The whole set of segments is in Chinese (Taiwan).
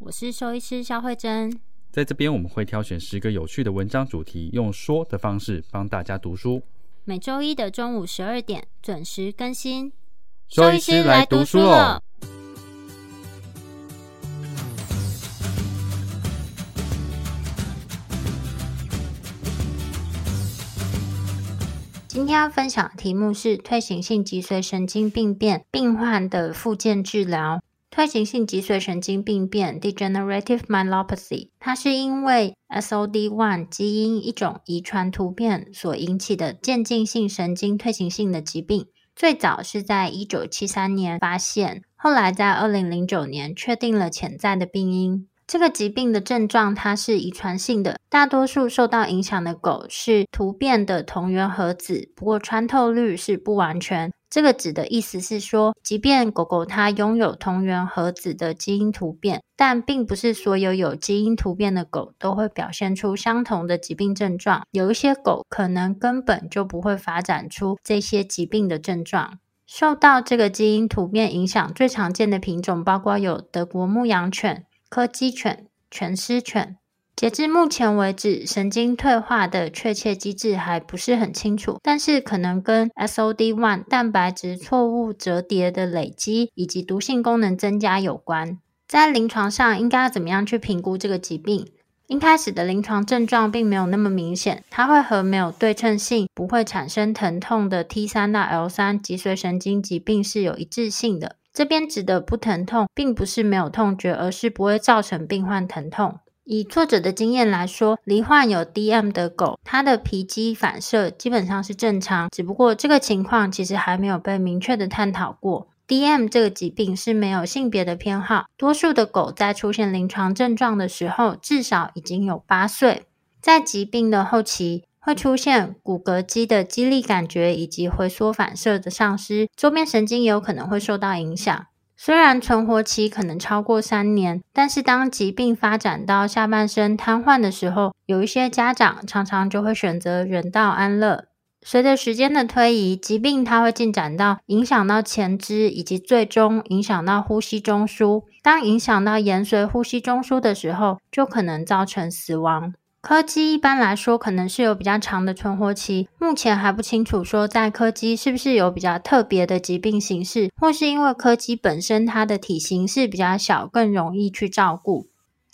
我是獸醫師蕭慧珍，在這邊我們會挑選十個有趣的文章主題，用說的方式幫大家讀書。每周一的中午十二點準時更新，獸醫師來讀書了。今天要分享的題目是退行性脊髓神經病變病患的復健治療。退行性脊髓神經病變 （Degenerative Myelopathy） 它是因為 SOD1 基因一種遺傳突變所引起的漸進性神經退行性的疾病，最早是在一九七三年發現，後來在二零零九年確定了潛在的病因。這個疾病的症狀它是遺傳性的，大多數受到影響的狗是突變的同源核子，不過穿透率是不完全。這個指的意思是說，即便狗狗它擁有同源盒子的基因突變，但並不是所有有基因突變的狗都會表現出相同的疾病症狀。有一些狗可能根本就不會發展出這些疾病的症狀。受到這個基因突變影響最常見的品種，包括有德國牧羊犬、柯基犬、拳師犬。截至目前為止，神經退化的確切機制還不是很清楚，但是可能跟 SOD1 蛋白質錯誤折疊的累積以及毒性功能增加有關。在臨床上，應該要怎麼樣去評估這個疾病？一開始的臨床症狀並沒有那麼明顯，它會和沒有對稱性、不會產生疼痛的 T3 到 L3 脊髓神經疾病是有一致性的。這邊指的不疼痛，並不是沒有痛覺，而是不會造成病患疼痛。以作者的經驗來說，罹患有 DM 的狗，它的皮肌反射基本上是正常，只不過這個情況其實還沒有被明確的探討過。DM 這個疾病是沒有性別的偏好，多數的狗在出現臨床症狀的時候，至少已經有八歲。在疾病的後期，會出現骨骼肌的肌力感覺以及回縮反射的喪失，周邊神經也有可能會受到影響。雖然存活期可能超過三年，但是當疾病發展到下半身癱瘓的時候，有一些家長常常就會選擇人道安樂。隨着時間的推移，疾病它會進展到影響到前肢，以及最終影響到呼吸中樞。當影響到延髓呼吸中樞的時候，就可能造成死亡。柯基一般來說可能是有比較長的存活期，目前還不清楚說在柯基是不是有比較特別的疾病形式，或是因為柯基本身它的體型是比較小，更容易去照顧。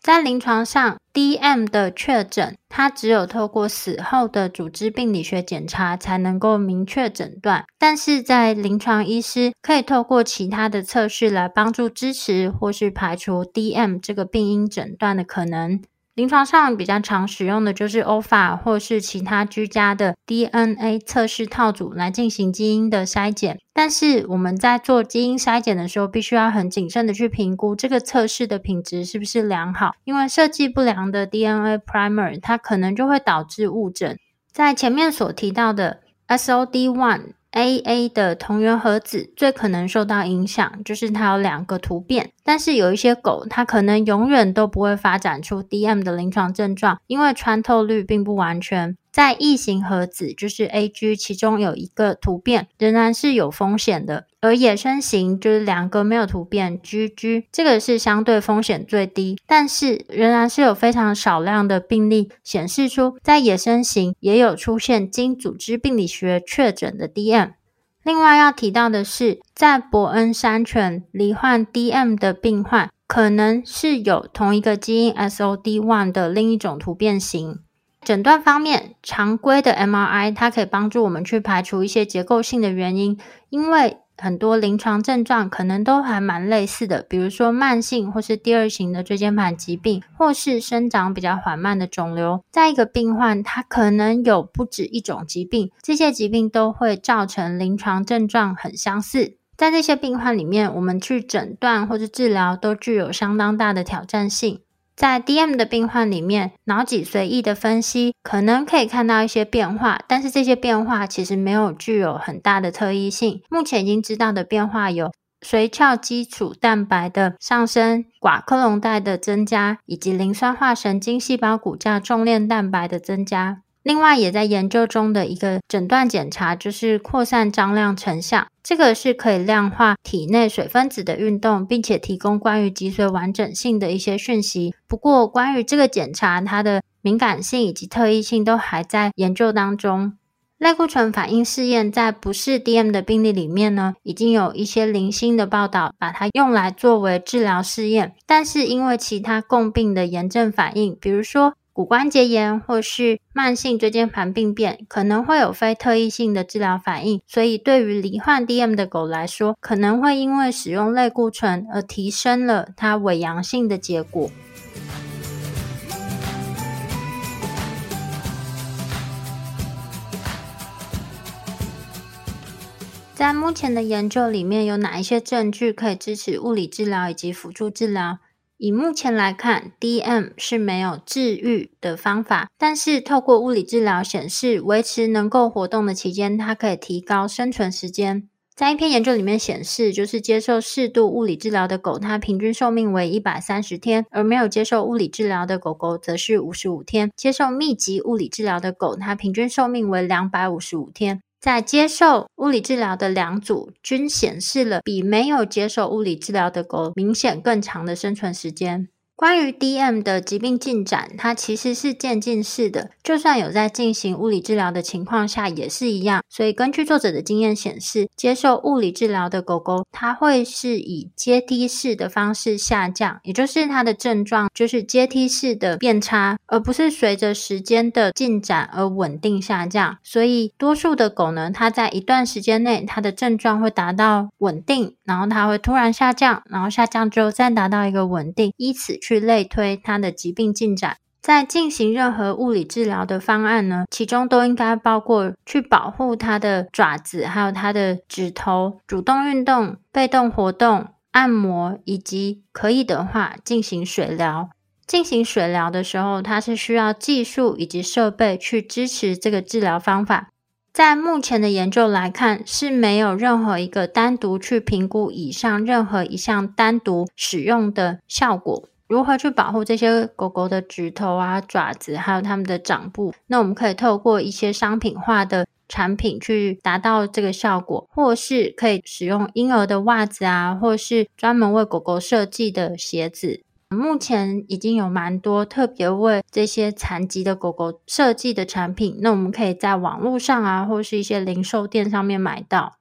在臨床上，DM 的確診，它只有透過死後的組織病理學檢查才能夠明確診斷，但是在臨床醫師，可以透過其他的測試來幫助支持，或是排除 DM 這個病因診斷的可能。臨床上比較常使用的就是 OFA 或是其他居家的 DNA 測試套組來進行基因的篩檢，但是我們在做基因篩檢的時候，必須要很謹慎的去評估這個測試的品質是不是良好，因為設計不良的 DNA primer，它可能就會導致誤診。在前面所提到的 SOD1。A A 的同源合子最可能受到影響，就是它有兩個突變，但是有一些狗，它可能永遠都不會發展出 D M 的臨床症狀，因為穿透率並不完全。在異、e、型合子就是 A G，其中有一個突變，仍然是有風險的。而野生型就是兩個沒有突變，G G，這個是相對風險最低，但是仍然是有非常少量的病例顯示出在野生型也有出現經組織病理學確診的 D M。另外要提到的是，在伯恩山犬罹患 D M 的病患，可能是有同一個基因 S O D one 的另一種突變型。診斷方面，常規的 MRI 它可以幫助我們去排除一些結構性的原因，因為很多臨床症狀可能都還蠻類似的，比如說慢性或是第二型的椎間盤疾病，或是生長比較緩慢的腫瘤。在一個病患，他可能有不止一種疾病，這些疾病都會造成臨床症狀很相似。在這些病患裡面，我們去診斷或是治療都具有相當大的挑戰性。在 D M 的病患裡面，腦脊髓液的分析可能可以看到一些變化，但是這些變化其實沒有具有很大的特異性。目前已經知道的變化有髓鞘基礎蛋白的上升、寡克隆帶的增加，以及磷酸化神經細胞骨架重鏈蛋白的增加。另外，也在研究中的一個診斷檢查就是擴散張量成像，這個是可以量化體內水分子的運動，並且提供關於脊髓完整性的一些訊息。不過，關於這個檢查，它的敏感性以及特異性都還在研究當中。類固醇反應試驗在不是 DM 的病例裡面呢，已經有一些零星的報道，把它用來作為治療試驗，但是因為其他共病的炎症反應，比如說，骨關節炎或是慢性椎間盤病變，可能會有非特異性的治療反應，所以對於罹患 DM 的狗來說，可能會因為使用類固醇而提升了它偽陽性的結果。在目前的研究裡面，有哪一些證據可以支持物理治療以及輔助治療？以目前來看，DM 是沒有治癒的方法。但是，透過物理治療顯示，維持能夠活動的期間，它可以提高生存時間。在一篇研究裡面顯示，就是接受適度物理治療的狗，它平均壽命為一百三十天；而沒有接受物理治療的狗狗則是五十五天。接受密集物理治療的狗，它平均壽命為兩百五十五天。在接受物理治療的兩組均顯示了比沒有接受物理治療的狗明顯更長的生存時間。關於 DM 的疾病進展，它其實是漸進式的，就算有在進行物理治療的情況下也是一樣。所以根據作者的經驗顯示，接受物理治療的狗狗，它會是以階梯式的方式下降，也就是它的症狀就是階梯式的變差，而不是隨着時間的進展而穩定下降。所以多數的狗呢，它在一段時間內它的症狀會達到穩定，然後它會突然下降，然後下降之後再達到一個穩定，依此去類推它的疾病進展。在進行任何物理治療的方案呢，其中都應該包括去保護它的爪子，還有它的指頭，主動運動、被動活動、按摩，以及可以的話進行水療。進行水療的時候，它是需要技術以及設備去支持這個治療方法。在目前的研究來看，是沒有任何一個單獨去評估以上任何一項單獨使用的效果。如何去保護這些狗狗的指頭啊、爪子，還有它們的掌部？那我們可以透過一些商品化的產品去達到這個效果，或是可以使用嬰兒的襪子啊，或是專門為狗狗設計的鞋子。目前已經有蠻多特別為這些殘疾的狗狗設計的產品，那我們可以在網絡上啊，或是一些零售店上面買到。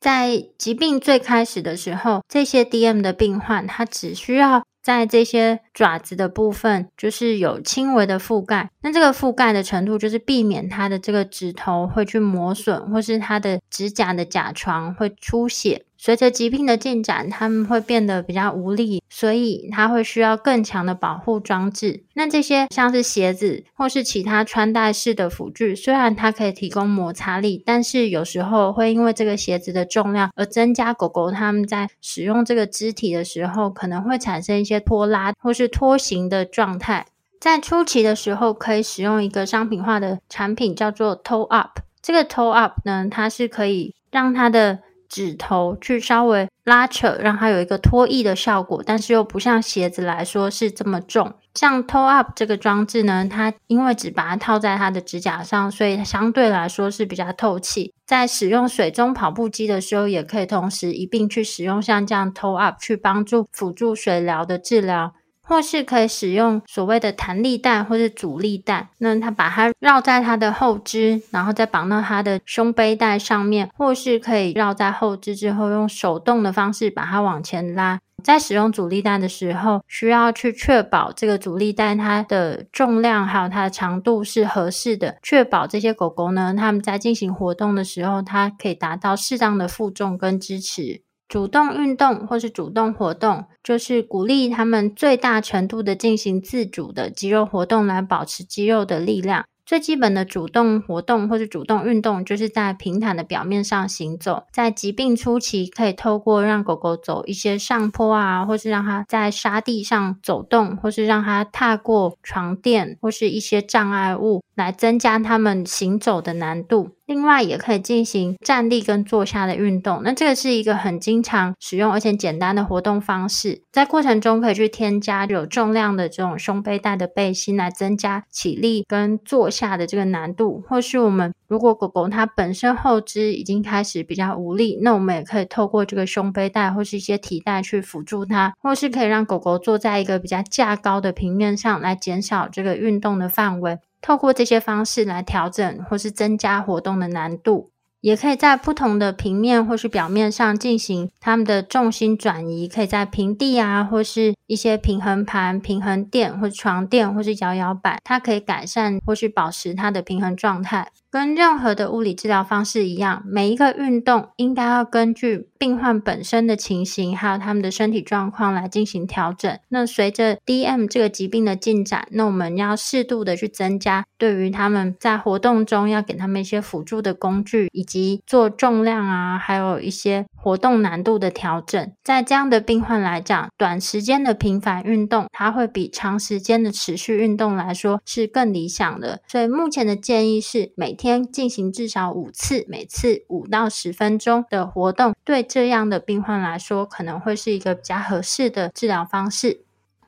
在疾病最開始的時候，這些 DM 的病患，它只需要。在這些爪子的部分，就是有輕微的覆蓋。那這個覆蓋的程度，就是避免它的這個指頭會去磨損，或是它的指甲的甲床會出血。隨着疾病的進展，他們會變得比較無力，所以他會需要更強的保護裝置。那這些像是鞋子或是其他穿戴式的輔具，雖然它可以提供摩擦力，但是有時候會因為這個鞋子的重量而增加狗狗他們在使用這個肢體的時候，可能會產生一些拖拉或是拖行的狀態。在初期的時候，可以使用一個商品化的產品叫做 Toe Up。這個 Toe Up 呢，它是可以讓它的指頭去稍微拉扯，讓它有一個拖曳的效果，但是又不像鞋子來說是這麼重。像 Toe Up 這個裝置呢，它因為只把它套在它的指甲上，所以它相對來說是比較透氣。在使用水中跑步機的時候，也可以同時一併去使用像這樣 Toe Up 去幫助輔助水療的治療。或是可以使用所謂的彈力帶或者阻力帶，那它把它繞在它的後肢，然後再綁到它的胸背帶上面，或是可以繞在後肢之後，用手動的方式把它往前拉。在使用阻力帶的時候，需要去確保這個阻力帶它的重量還有它的長度是合適的，確保這些狗狗呢，它們在進行活動的時候，它可以達到適當的負重跟支持。主動運動或是主動活動，就是鼓勵他們最大程度地進行自主的肌肉活動，來保持肌肉的力量。最基本的主動活動或是主動運動，就是在平坦的表面上行走。在疾病初期，可以透過讓狗狗走一些上坡啊，或是讓它在沙地上走動，或是讓它踏過床墊，或是一些障礙物，來增加它們行走的難度。另外也可以進行站立跟坐下的運動，那這個是一個很經常使用而且簡單的活動方式。在過程中可以去添加有重量的這種胸背帶的背心來增加起立跟坐下的這個難度，或是我們如果狗狗它本身後肢已經開始比較無力，那我們也可以透過這個胸背帶或是一些提帶去輔助它，或是可以讓狗狗坐在一個比較架高的平面上來減少這個運動的範圍。透過這些方式來調整或是增加活動的難度，也可以在不同的平面或是表面上進行他們的重心轉移。可以在平地啊，或是一些平衡盤、平衡墊、或是床墊，或是搖搖板，它可以改善或是保持它的平衡狀態。跟任何的物理治療方式一樣，每一個運動應該要根據病患本身的情形，還有他們的身體狀況來進行調整。那隨着 DM 這個疾病的進展，那我們要適度的去增加對於他們在活動中要給他們一些輔助的工具，以及做重量啊，還有一些活動難度的調整。在這樣的病患來講，短時間的頻繁運動，它會比長時間的持續運動來說是更理想的。所以目前的建議是每天進行至少五次，每次五到十分鐘的活動，對這樣的病患來說可能會是一個比較合適的治療方式。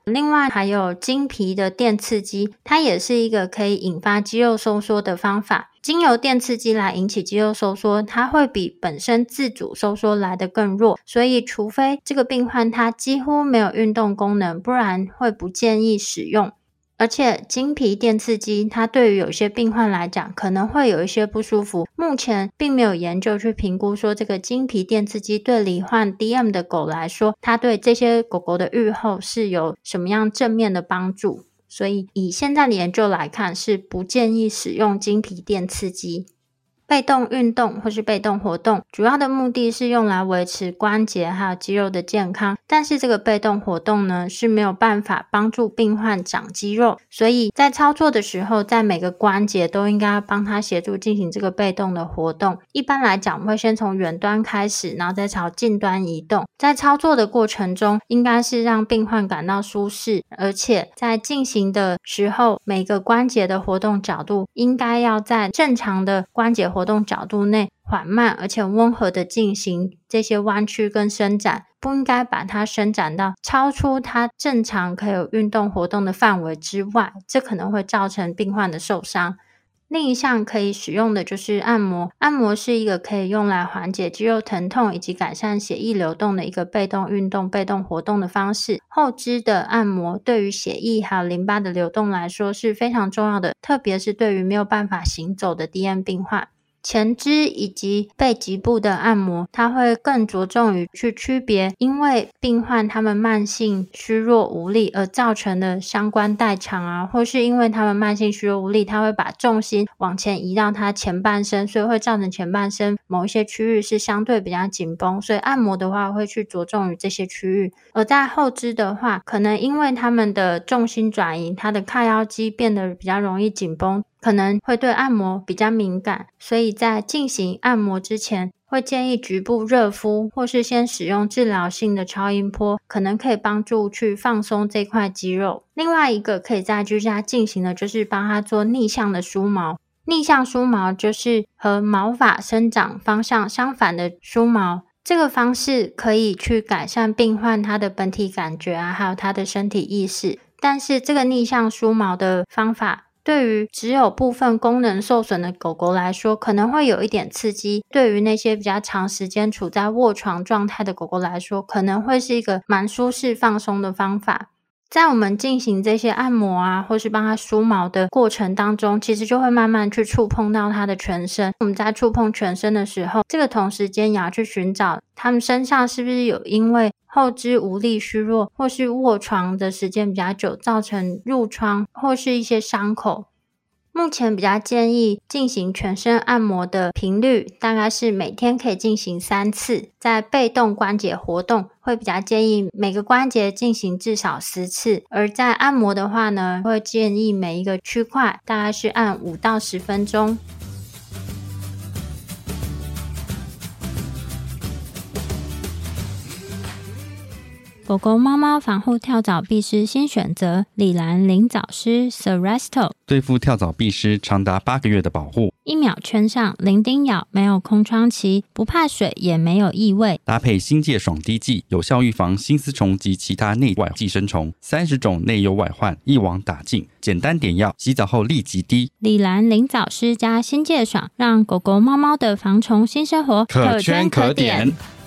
另外，還有經皮的電刺激，它也是一個可以引發肌肉收縮的方法。經由電刺激來引起肌肉收縮，它會比本身自主收縮來得更弱，所以除非這個病患他幾乎沒有運動功能，不然會不建議使用。而且，經皮電刺激，它對於有些病患來講，可能會有一些不舒服。目前並沒有研究去評估說，這個經皮電刺激對罹患 DM 的狗來說，它對這些狗狗的預後是有什麼樣正面的幫助。所以，以現在的研究來看，是不建議使用經皮電刺激。被動運動或是被動活動，主要的目的是用來維持關節還有肌肉的健康。但是這個被動活動呢，是沒有辦法幫助病患長肌肉。所以在操作的時候，在每個關節都應該幫他協助進行這個被動的活動。一般來講，我們會先從遠端開始，然後再朝近端移動。在操作的過程中，應該是讓病患感到舒適，而且在進行的時候，每個關節的活動角度應該要在正常的關節活活動角度內緩慢而且溫和的進行這些彎曲跟伸展，不應該把它伸展到超出它正常可以有運動活動的範圍之外，這可能會造成病患的受傷。另一項可以使用的就是按摩，按摩是一個可以用來緩解肌肉疼痛以及改善血液流動的一個被動運動、被動活動的方式。後肢的按摩對於血液還有淋巴的流動來說是非常重要的，特別是對於沒有辦法行走的 DM 病患。前肢以及背脊部的按摩，它會更着重於去區別，因為病患他們慢性虛弱無力而造成的相關代償啊，或是因為他們慢性虛弱無力，他會把重心往前移到他前半身，所以會造成前半身某一些區域是相對比較緊繃，所以按摩的話會去着重於這些區域。而在後肢的話，可能因為他們的重心轉移，他的髂腰肌變得比較容易緊繃。可能會對按摩比較敏感，所以在進行按摩之前，會建議局部熱敷，或是先使用治療性的超音波，可能可以幫助去放鬆這塊肌肉。另外一個可以在居家進行的，就是幫他做逆向的梳毛。逆向梳毛就是和毛髮生長方向相反的梳毛，這個方式可以去改善病患他的本體感覺啊，還有他的身體意識。但是這個逆向梳毛的方法，對於只有部分功能受損的狗狗來說，可能會有一點刺激；對於那些比較長時間處在臥床狀態的狗狗來說，可能會是一個蠻舒適放鬆的方法。在我們進行這些按摩啊，或是幫他梳毛的過程當中，其實就會慢慢去觸碰到他的全身。我們在觸碰全身的時候，這個同時間也要去尋找他們身上是不是有因為後肢無力、虛弱，或是臥床的時間比較久，造成褥瘡或是一些傷口。目前比較建議進行全身按摩的頻率，大概是每天可以進行三次。在被動關節活動，會比較建議每個關節進行至少十次。而在按摩的話呢，會建議每一個區塊大概是按五到十分鐘。狗狗、貓貓防護跳蚤壁蝨，新選擇，禮藍靈蚤蝨 Seresto 對付跳蚤壁蝨長達八個月的保護。一秒圈上，零叮咬，沒有空窗期，不怕水，也沒有異味。搭配心疥爽滴劑，有效預防心絲蟲及其他內外寄生蟲，三十種內憂外患一網打盡。簡單點藥，洗澡後立即滴。禮藍靈蚤蝨，加心疥爽，讓狗狗、貓貓的防蟲新生活可圈可點。可點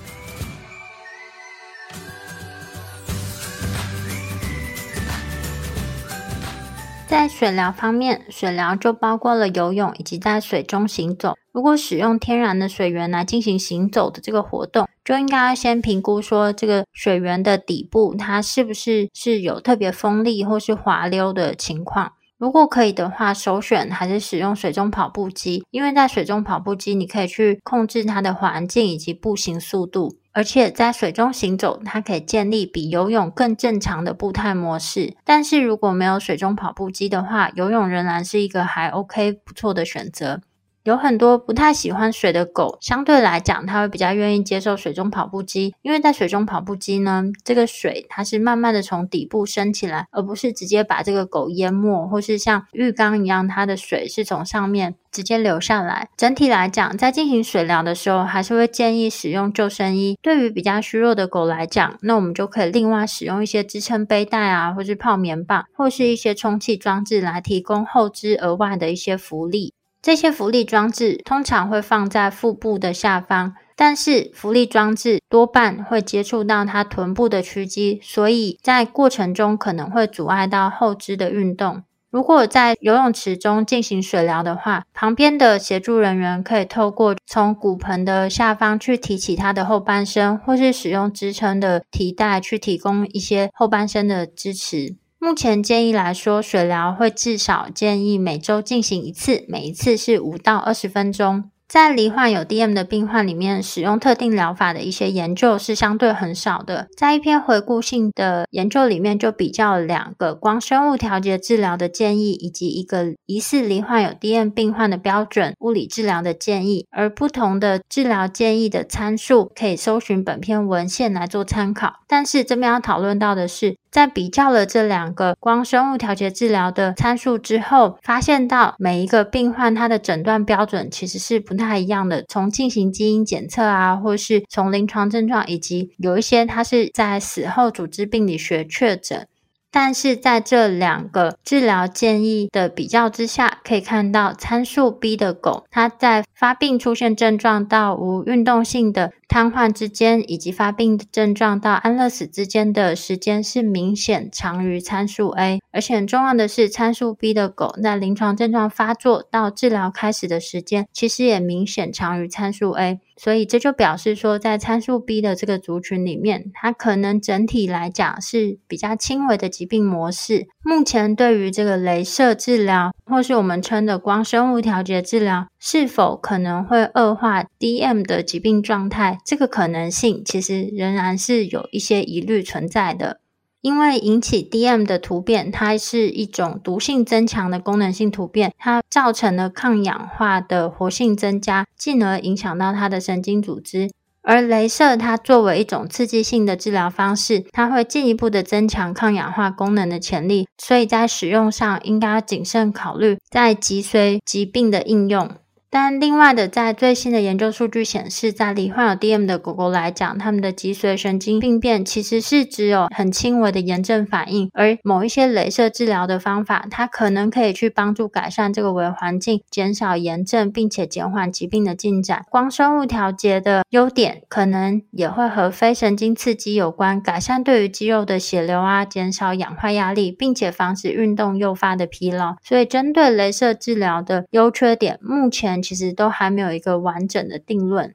在水療方面，水療就包括了游泳以及在水中行走。如果使用天然的水源來進行行走的這個活動，就應該要先評估說這個水源的底部它是不是是有特別鋒利或是滑溜的情況。如果可以的話，首選還是使用水中跑步機，因為在水中跑步機你可以去控制它的環境以及步行速度。而且在水中行走，它可以建立比游泳更正常的步態模式。但是如果沒有水中跑步機的話，游泳仍然是一個還 OK 不錯的選擇。有很多不太喜歡水的狗，相對來講，它會比較願意接受水中跑步機。因為在水中跑步機呢，這個水它是慢慢的從底部升起來，而不是直接把這個狗淹沒，或是像浴缸一樣，它的水是從上面直接流下來。整體來講，在進行水療的時候，還是會建議使用救生衣。對於比較虛弱的狗來講，那我們就可以另外使用一些支撐背帶啊，或是泡棉棒，或是一些充氣裝置來提供後肢額外的一些浮力。這些浮力裝置通常會放在腹部的下方，但是浮力裝置多半會接觸到他臀部的屈肌，所以在過程中可能會阻礙到後肢的運動。如果在游泳池中進行水療的話，旁邊的協助人員可以透過從骨盆的下方去提起他的後半身，或是使用支撐的提帶去提供一些後半身的支持。目前建議來說，水療會至少建議每周進行一次，每一次是五到二十分鐘。在罹患有 DM 的病患裡面，使用特定療法的一些研究是相對很少的。在一篇回顧性的研究裡面，就比較了兩個光生物調節治療的建議，以及一個疑似罹患有 DM 病患的標準物理治療的建議。而不同的治療建議的參數，可以搜尋本篇文獻來做參考。但是這邊要討論到的是。在比較了這兩個光生物調節治療的參數之後，發現到每一個病患他的診斷標準其實是不太一樣的。從進行基因檢測啊，或是從臨床症狀，以及有一些它是在死後組織病理學確診。但是在這兩個治療建議的比較之下，可以看到參數 B 的狗，它在發病出現症狀到無運動性的。癱瘓之間，以及發病症狀到安樂死之間的時間是明顯長於參數 A，而且很重要的是參數 B 的狗，在臨床症狀發作到治療開始的時間其實也明顯長於參數 A，所以這就表示說，在參數 B 的這個族群裡面，它可能整體來講是比較輕微的疾病模式。目前對於這個雷射治療，或是我們稱的光生物調節治療。是否可能會惡化 DM 的疾病狀態？這個可能性其實仍然是有一些疑慮存在的。因為引起 DM 的突變，它是一種毒性增強的功能性突變，它造成了抗氧化的活性增加，進而影響到它的神經組織。而雷射它作為一種刺激性的治療方式，它會進一步的增強抗氧化功能的潛力，所以在使用上應該謹慎考慮在脊髓疾病的應用。但另外的，在最新的研究數據顯示，在罹患有 DM 的狗狗來講，它們的脊髓神經病變其實是只有很輕微的炎症反應，而某一些鐳射治療的方法，它可能可以去幫助改善這個微環境，減少炎症，並且減緩疾病的進展。光生物調節的優點，可能也會和非神經刺激有關，改善對於肌肉的血流啊，減少氧化壓力，並且防止運動誘發的疲勞。所以，針對鐳射治療的優缺點，目前。其實都還沒有一個完整的定論。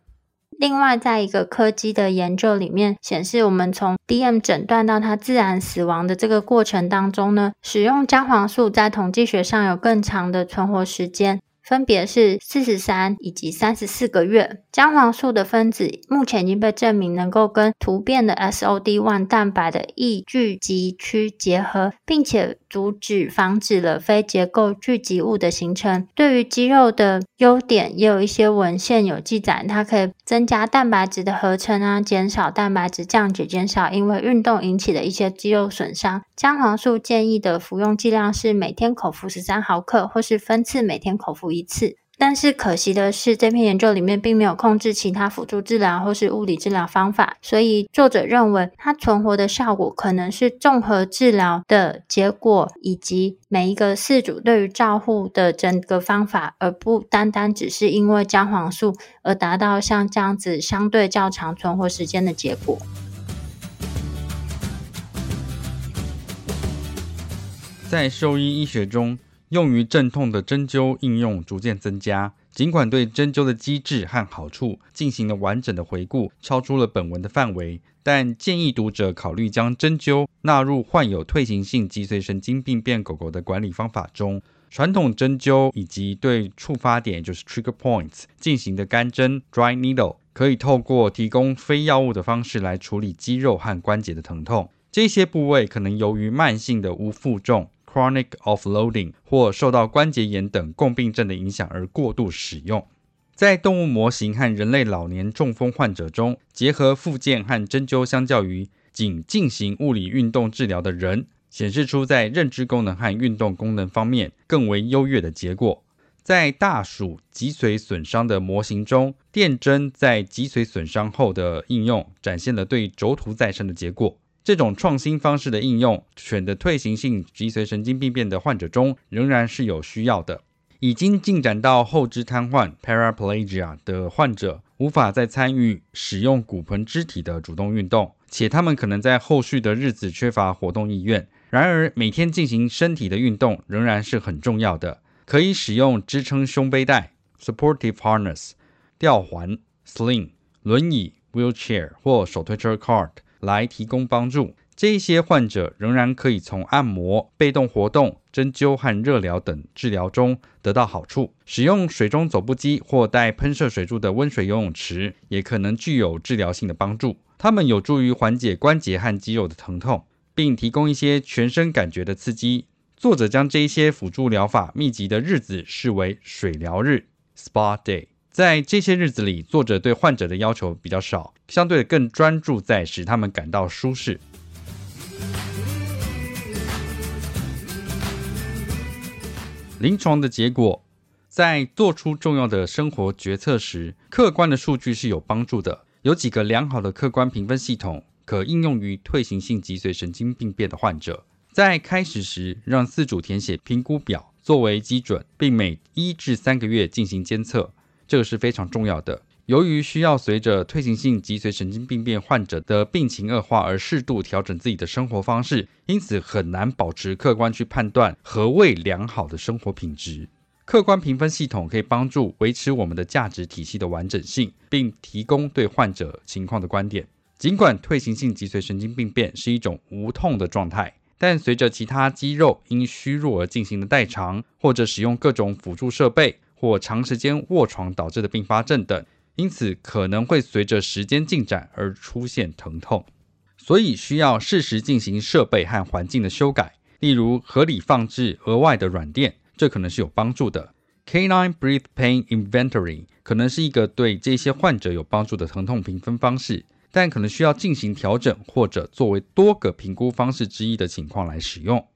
另外，在一個科技的研究裡面顯示，我們從 DM 診斷到它自然死亡的這個過程當中呢，使用薑黃素在統計學上有更長的存活時間，分別是四十三以及三十四個月。薑黃素的分子目前已經被證明能夠跟突變的 SOD1 蛋白的易聚集區結合，並且。阻止、防止了非結構聚集物的形成。對於肌肉的優點也有一些文獻有記載，它可以增加蛋白質的合成啊，減少蛋白質降解，減少因為運動引起的一些肌肉損傷。薑黃素建議的服用劑量是每天口服十三毫克，或是分次每天口服一次。但是可惜的是，這篇研究裡面並沒有控制其他輔助治療或是物理治療方法，所以作者認為它存活的效果可能是綜合治療的結果，以及每一個飼主對於照護的整個方法，而不單單只是因為薑黃素而達到像這樣子相對較長存活時間的結果。在獸醫醫學中，用於鎮痛的針灸應用逐漸增加。儘管對針灸的機制和好處進行了完整的回顧，超出了本文的範圍，但建議讀者考慮將針灸納入患有退行性脊髓神經病變狗狗的管理方法中。傳統針灸以及對觸發點（就是 trigger points） 進行的乾針 （dry needle） 可以透過提供非藥物的方式來處理肌肉和關節的疼痛。這些部位可能由於慢性的無負重。chronic offloading 或受到關節炎等共病症的影響而過度使用，在動物模型和人類老年中風患者中，結合復健和針灸，相較於僅進行物理運動治療的人，顯示出在認知功能和運動功能方面更為優越的結果。在大鼠脊髓損傷的模型中，電針在脊髓損傷後的應用，展現了對軸突再生的結果。這種創新方式的應用，選擇退行性脊髓神經病變的患者中仍然是有需要的。已經進展到後肢癱瘓 （paraplegia） 的患者無法再參與使用骨盆肢體的主動運動，且他們可能在後續的日子缺乏活動意願。然而，每天進行身體的運動仍然是很重要的。可以使用支撐胸背帶 （supportive harness）、Support arness, 吊環 （sling）、ling, 輪椅 （wheelchair） 或手推車 （cart）。來提供幫助，這一些患者仍然可以從按摩、被動活動、針灸和熱療等治療中得到好處。使用水中走步機或帶噴射水柱的溫水游泳池也可能具有治療性的幫助。它們有助於緩解關節和肌肉的疼痛，並提供一些全身感覺的刺激。作者將這些輔助療法密集的日子視為水療日 （Spa Day）。在這些日子裡，作者對患者的要求比較少，相對的更專注在使他們感到舒適。臨床的結果，在做出重要的生活決策時，客觀的數據是有幫助的。有幾個良好的客觀評分系統可應用於退行性脊髓神經病變的患者，在開始時讓飼主填寫評估表作為基準，並每一至三個月進行監測。這個是非常重要的。由於需要隨着退行性脊髓神經病變患者的病情惡化而適度調整自己的生活方式，因此很難保持客觀去判斷何謂良好的生活品質。客觀評分系統可以幫助維持我們的價值體系的完整性，並提供對患者情況的觀點。儘管退行性脊髓神經病變是一種無痛的狀態，但隨着其他肌肉因虛弱而進行的代償，或者使用各種輔助設備，或長時間臥床導致的併發症等，因此可能會隨着時間進展而出現疼痛，所以需要適時進行設備和環境的修改，例如合理放置額外的軟墊，這可能是有幫助的。Canine Brief Pain Inventory 可能是一個對這些患者有幫助的疼痛評分方式，但可能需要進行調整，或者作為多個評估方式之一的情況來使用。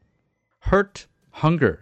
Hurt, hunger.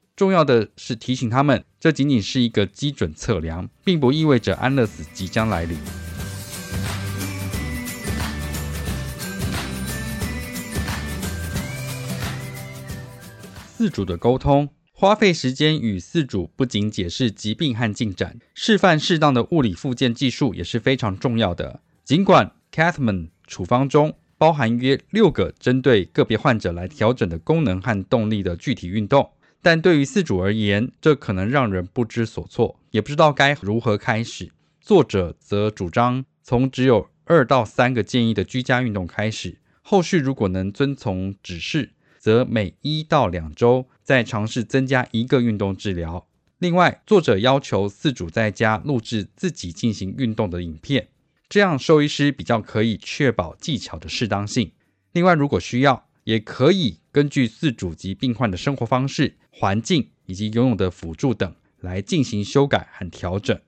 重要的是提醒他們，這僅僅是一個基準測量，並不意味着安樂死即將來臨。飼主的溝通花費時間與飼主，不僅解釋疾病和進展，示範適當的物理復健技術也是非常重要的。儘管 Cathman 處方中包含約六個針對個別患者來調整的功能和動力的具體運動。但對於飼主而言，這可能讓人不知所措，也不知道該如何開始。作者則主張從只有二到三個建議的居家運動開始，後續如果能遵從指示，則每一到兩周再嘗試增加一個運動治療。另外，作者要求飼主在家錄製自己進行運動的影片，這樣獸醫師比較可以確保技巧的適當性。另外，如果需要，也可以根據飼主及病患的生活方式、環境以及擁有的輔助等來進行修改和調整。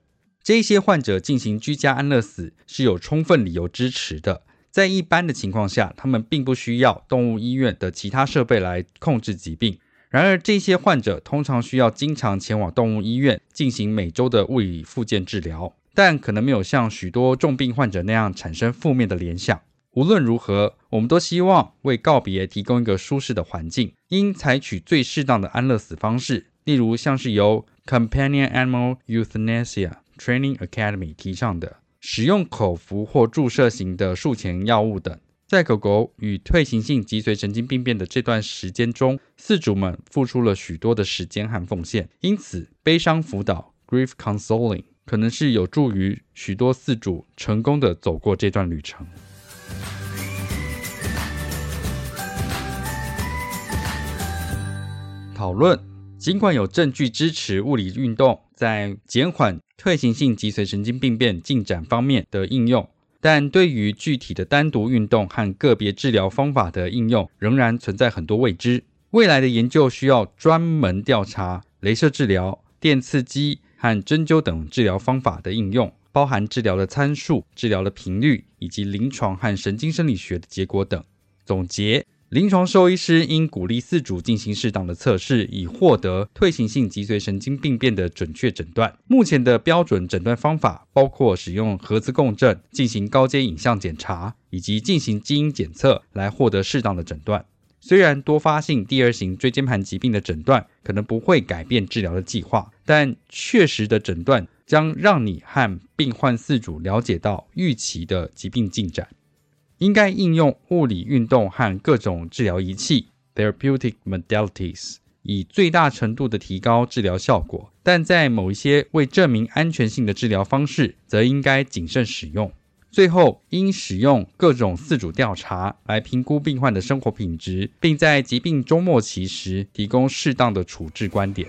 這些患者進行居家安樂死是有充分理由支持的。在一般的情況下，他們並不需要動物醫院的其他設備來控制疾病。然而，這些患者通常需要經常前往動物醫院進行每週的物理復健治療，但可能沒有像許多重病患者那樣產生負面的聯想。無論如何，我們都希望為告別提供一個舒適的環境，應採取最適當的安樂死方式，例如像是由 Companion Animal Euthanasia Training Academy 提倡的使用口服或注射型的術前藥物等。在狗狗與退行性脊髓神經病變的這段時間中，飼主們付出了許多的時間和奉獻，因此悲傷輔導 （Grief c o n s o l i n g 可能是有助於許多飼主成功的走過這段旅程。討論：儘管有證據支持物理運動在減緩退行性脊髓神經病變進展方面的應用，但對於具體的單獨運動和個別治療方法的應用，仍然存在很多未知。未來的研究需要專門調查鐳射治療、電刺激和針灸等治療方法的應用。包含治療的參數、治療的頻率以及臨床和神經生理學的結果等。總結：臨床獸醫師應鼓勵飼主進行適當的測試，以獲得退行性脊髓神經病變的準確診斷。目前的標準診斷方法包括使用核磁共振進行高階影像檢查，以及進行基因檢測來獲得適當的診斷。雖然多發性第二型椎間盤疾病的診斷可能不會改變治療的計劃。但確實的診斷將讓你和病患飼主了解到預期的疾病進展，應該應用物理運動和各種治療儀器 （therapeutic modalities） 以最大程度的提高治療效果。但在某一些未證明安全性的治療方式，則應該謹慎使用。最後，應使用各種飼主調查來評估病患的生活品質，並在疾病終末期時提供適當的處置觀點。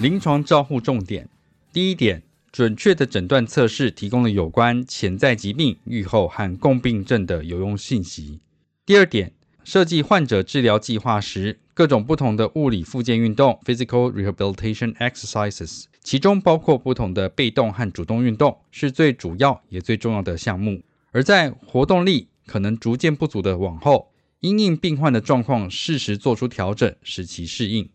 臨床照護重點：第一點，準確的診斷測試提供了有關潛在疾病、預後和共病症的有用信息。第二點，設計患者治療計劃時，各種不同的物理復健運動 （physical rehabilitation exercises），其中包括不同的被動和主動運動，是最主要也最重要的項目。而在活動力可能逐漸不足的往後，因應病患的狀況，適時做出調整，使其適應。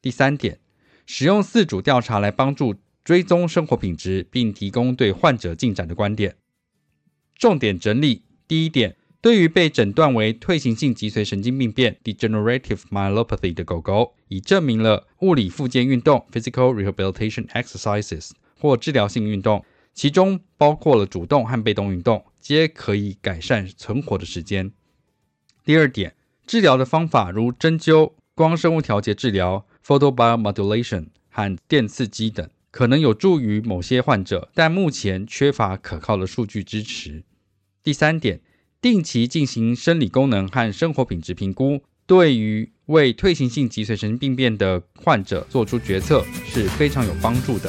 第三點，使用自主調查來幫助追蹤生活品質，並提供對患者進展的觀點。重點整理：第一點，對於被診斷為退行性脊髓神經病變 （Degenerative Myelopathy） 的狗狗，已證明了物理復健運動 （Physical Rehabilitation Exercises） 或治療性運動，其中包括了主動和被動運動，皆可以改善存活的時間。第二點，治療的方法如針灸、光生物調節治療 （photobiomodulation） 和電刺激等，可能有助於某些患者，但目前缺乏可靠的數據支持。第三點，定期進行生理功能和生活品質評估，對於為退行性脊髓神經病變的患者做出決策是非常有幫助的。